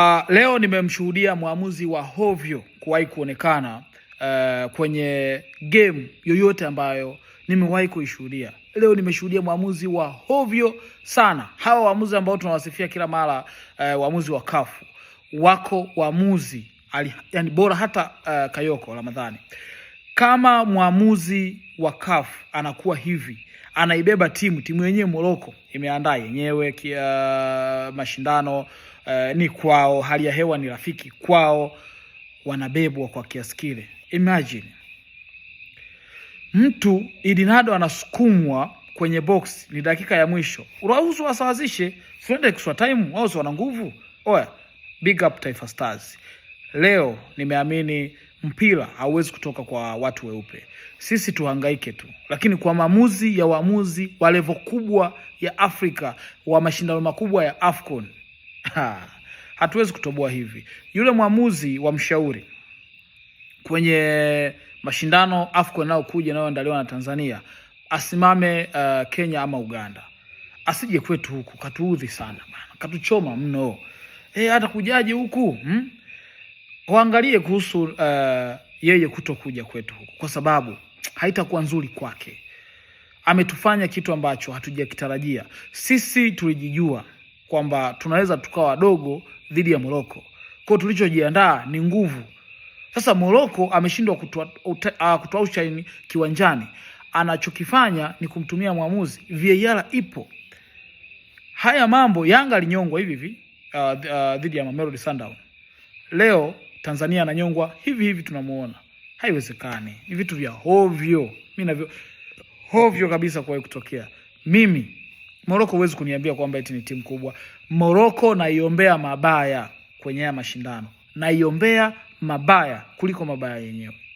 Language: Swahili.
Uh, leo nimemshuhudia mwamuzi wa hovyo kuwahi kuonekana uh, kwenye game yoyote ambayo nimewahi kuishuhudia. Leo nimeshuhudia mwamuzi wa hovyo sana. Hawa waamuzi ambao tunawasifia kila mara uh, waamuzi wa kafu wako waamuzi yani bora hata uh, Kayoko Ramadhani kama mwamuzi wa CAF anakuwa hivi, anaibeba timu timu yenyewe moroko imeandaa yenyewe kia uh, mashindano uh, ni kwao, hali ya hewa ni rafiki kwao, wanabebwa kwa kiasi kile. Imagine mtu Idinado anasukumwa kwenye box, ni dakika ya mwisho, uruhusu wasawazishe, tuende extra time, wao wana nguvu. Oya, big up Taifa Stars. Leo nimeamini mpira hauwezi kutoka kwa watu weupe, sisi tuhangaike tu, lakini kwa maamuzi ya waamuzi wa levo kubwa ya Afrika wa mashindano makubwa ya AFCON ha, hatuwezi kutoboa hivi. Yule mwamuzi wa mshauri kwenye mashindano AFCON yanayokuja yanayoandaliwa na Tanzania asimame uh, Kenya ama Uganda, asije kwetu huku, katuudhi sana bana, katuchoma mno. E, eh, hata kujaje huku hmm? waangalie kuhusu uh, yeye kutokuja kwetu huku, kwa sababu haitakuwa nzuri kwake. Ametufanya kitu ambacho hatujakitarajia. Sisi tulijijua kwamba tunaweza tukawa wadogo dhidi ya Moroko, kwa tulichojiandaa ni nguvu. Sasa Moroko ameshindwa kutoa uh, kiwanjani, anachokifanya ni kumtumia mwamuzi. VAR ipo. Haya mambo Yanga alinyongwa hivi hivi uh, uh, dhidi ya Mamelodi Sundowns leo Tanzania ananyongwa hivi hivi, tunamuona haiwezekani. Ni vitu vya hovyo, mimi navyo hovyo kabisa kuwahi kutokea. Mimi Moroko huwezi kuniambia kwamba eti ni timu kubwa. Moroko naiombea mabaya kwenye haya mashindano, naiombea mabaya kuliko mabaya yenyewe.